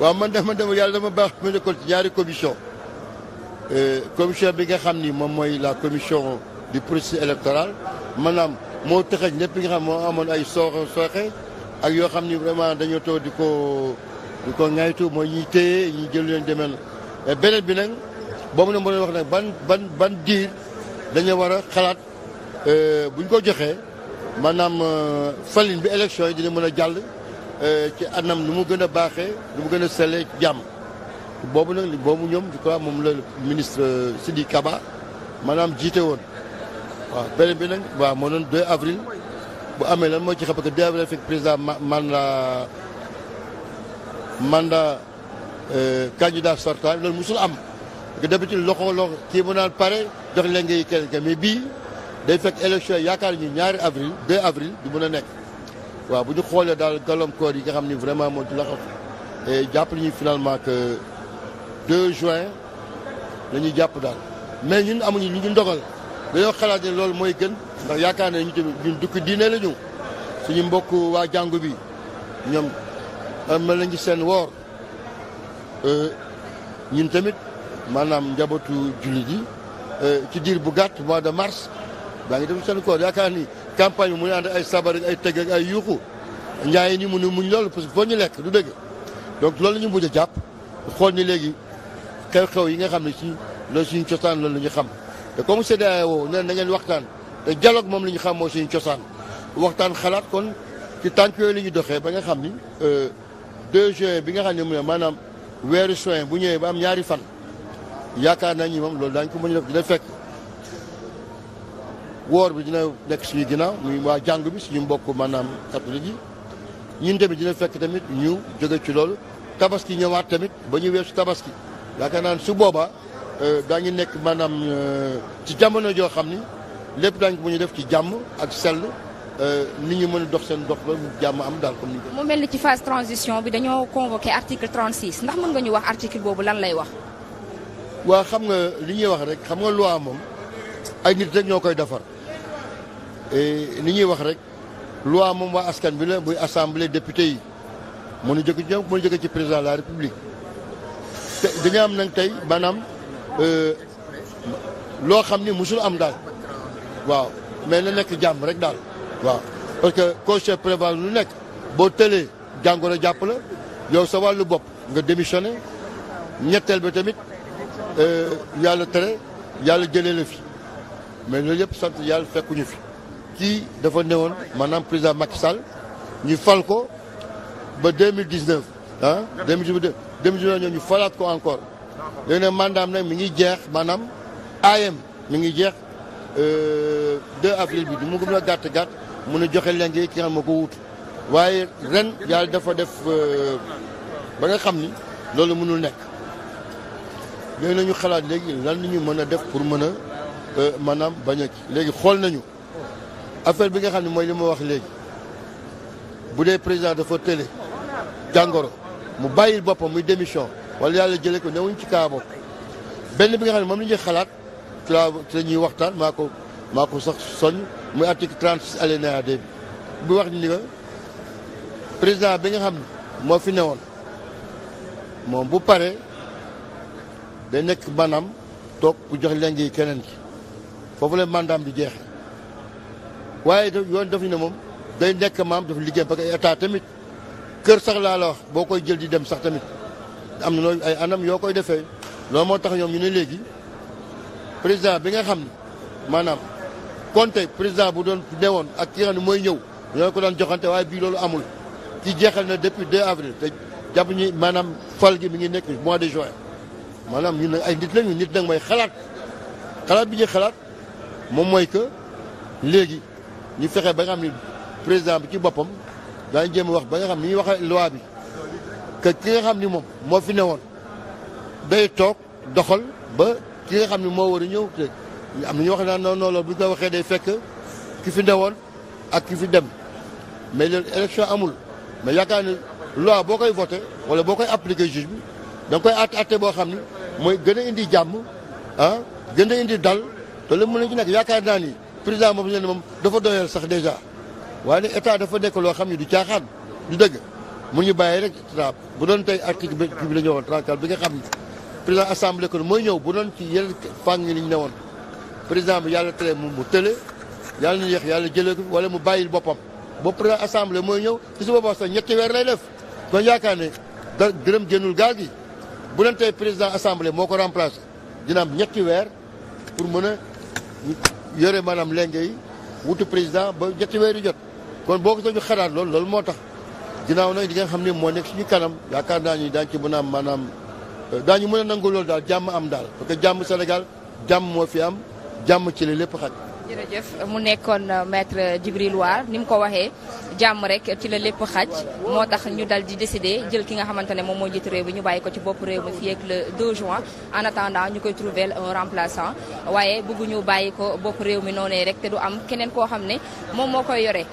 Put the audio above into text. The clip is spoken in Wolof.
waaw man dafa dama yàlla dama baax ma nekkoon ci ñaari commission euh, commission bi nga xam ni moom mooy la commission du processus électoral maanaam moo tëxëj lépp nga xam moo amoon ay sooxe sooxe ak yoo xam ni vraiment dañoo toog di ko di ko ŋaytu mooy ñuy téye ñuy jël leen demeen beneen bi nag boobu nag moo doon wax nag ban ban ban diir dañoo war a xalaat euh, bu ñu ko joxee maanaam euh, falin bi élection yi dina mën a jàll. Euh, ci anam nu mu gën a baaxee nu mu gën a sellee jàmm boobu nag boobu ñoom je crois moom la ministre euh, Sidi Kaba maanaam jiite woon waaw beneen bi nag waaw moo doon 2 avril bu amee lan moo ci xam parce que 2 avril fekk président man mandat mandat euh, candidat sortant loolu musul am parce que d'habitude loxo loxo kii mu naan pare jox leen ngay kenn mais bii day fekk élection yaakaar ñu ñaari avril 2 avril du mën a nekk. waaw bu ñu xoolee daal gàllankoor yi nga xam ni vraiment moo ci laxas et jàpp nañu finalement que 2 juin la ñuy jàpp daal mais ñun amuñu ñu ngi ndogal dañoo xalaat ne loolu mooy gën ndax yaakaar ne ñu tamit ñun dukki diine la ñu suñu mbokk waa jàngu bi ñoom amal nañu seen woor euh, ñun tamit maanaam njabootu jullit yi euh, ci diir bu gàtt mois de mars daa ngi def seen koor yaakaar ni campagne bi muy ànd ay sabar ay tëgg ak ay yuuxu njaay ni mun muñ loolu parce que foo ñu lekk du dëgg donc loolu la ñu mujj a jàpp xool ni léegi xew-xew yi nga xam ne si loolu suñu cosaan loolu la ñu xam te comme CEDEAO nee na ngeen waxtaan te dialogue moom la ñu xam mooy suñu cosaan waxtaan xalaat kon ci tànk yooyu la ñuy doxee ba nga xam ni 2 euh, juin bi nga xam ne mu ne maanaam weeru juin bu ñëwee ba am ñaari fan yaakaar naa ñi moom loolu daañu ko mën a def woor bi dina nekk si ginnaaw muy waa jàng bi suñu mbokk maanaam catholique yi ñun tamit dina fekk tamit ñu jóge ci loolu tabaski ñëwaat tamit ba ñu weesu tabaski yaakaar naa ne su boobaa euh, ngi nekk maanaam euh, ci jamono joo xam ni lépp daañu ko ñu def ci jàmm ak sell euh, nit ñi mën a dox seen dox ba jàmm am daal comme ni mu mel ni ci phase transition bi dañoo convoqué article 36 ndax mën nga ñu wax article boobu lan lay wax. waa xam nga li ñuy wax rek xam nga loi moom ay nit rek ñoo koy defar. li ñuy wax rek loi moom waa askan bi la muy assemblée député yi mënu jóge ci ñoom mënu jóge ci président la république te am nag tey maanaam euh, loo xam ni musul am daal waaw mais na nekk jàmm rek daal waaw parce que conseil prévoir lu nekk boo tëlee jàngoro jàpp la yow sa wàllu bopp nga démissionné ñetteel ba tamit euh, yàlla tere yàlla jëlee la fi mais loolu yëpp sant yàlla fekkuñu fi kii dafa newoon maanaam président Macky Sall ñu fal ko ba deux mille dix neuf ah deux mille deux deux mille dix neuf ñoom ñu falaat ko encore léegi nag nag mi ngi jeex maanaam ayem mi ngi jeex 2 euh, avril bi du mu gën a gàtt gàtt mun a joxe léegi ki nga xam moo ko wut waaye ren yàlla dafa def euh, ba nga xam ni loolu mënul nekk léegi nañu xalaat léegi lan la ñu mën a def pour mën a euh, maanaam bañ a léegi xool nañu affaire bi nga xam ne mooy li ma wax léegi bu dee président dafa tële jàngoro mu bàyyil boppam muy démission wala yàlla jëlee ko newuñ ci kaabo benn bi nga xam ne moom la ñuy xalaat ci la ñuy waxtaan maa ko maa ko sax soñ muy article 36 alinéa 2 bi bu wax ni nga président bi nga xam ne moo fi newoon moom bu pare day nekk maanaam toog ku jox leng keneen ki foofu la mandaam bi jeex waaye yoon daf ne moom day nekk maam dafa liggéey parce que état tamit kër sax laa la boo koy jël di dem sax tamit am na ay anam yoo koy defee loolu moo tax ñoom ñu ne léegi président bi nga xam ne maanaam Conté président bu doon newoon ak ki nga xam ne mooy ñëw ñoo ko daan joxante waaye bii loolu amul ci jeexal na depuis 2 avril te jàpp ñu maanaam fal gi mi ngi nekk mois de juin maanaam ñu nag ay nit lañu nit nag mooy xalaat xalaat bi ñu xalaat moom mooy que léegi. ñu fexe ba nga xam ni président bi ci boppam daañu jéem wax ba nga xam ni ñuy waxee loi bi que ki nga xam ni moom moo fi newoon day toog doxal ba ki nga xam ni moo war a ñëw te am na ñu wax naan non non loolu bu ñu koy waxee day fekk ki fi newoon ak ki fi dem mais loolu élection amul mais yaakaar ni loi boo koy voté wala boo koy appliqué juge bi da koy àtte àtte boo xam ni mooy gën a indi jàmm ah gën a indi dal te la mën na ci nekk yaakaar naa ni. président moom leen moom dafa doyal sax dèjà waaye nag état dafa nekk loo xam ne du caaxaan du dëgg mu ñu bàyyi rek état bu doon tey article bi bi la ñu waxoon 34 bi nga xam ne président assemblée kon mooy ñëw bu doon ci yeneen fànn yi ñu ne woon président bi yàlla tere mu mu tële yàlla na yéex yàlla jëlee ko wala mu bàyyil boppam ba président assemblée mooy ñëw ci su boobaa sax ñetti weer lay def kon yaakaar ne da gërëm génnul gaal gi bu doon tey président assemblée moo ko remplacé dina am ñetti weer pour mën a. yore maanaam lenge yi wutu président ba ñetti weer yu jot kon boo ko doon xalaat loolu loolu moo tax ginnaaw nag li nga xam ne moo nekk suñu kanam yaakaar naa ni daañu ci mën a am maanaam euh, mën a nangu loolu daal jàmm am daal parce que jàmm Sénégal jàmm moo fi am jàmm ci la lépp xaj jërëjëf mu nekkoon euh, maître euh, Djibril War ni mu ko waxee jàmm rek ci la lépp xaj moo tax ñu dal di décider jël ki nga xamante ne moom moo jiitu réew bi ñu bàyyi ko ci bopp réew mi fii ak le 2 juin en attendant ñu koy trouver un remplaçant waaye ñu bàyyi ko bopp réew mi noonee rek te du am keneen koo xam ne moom moo koy yore.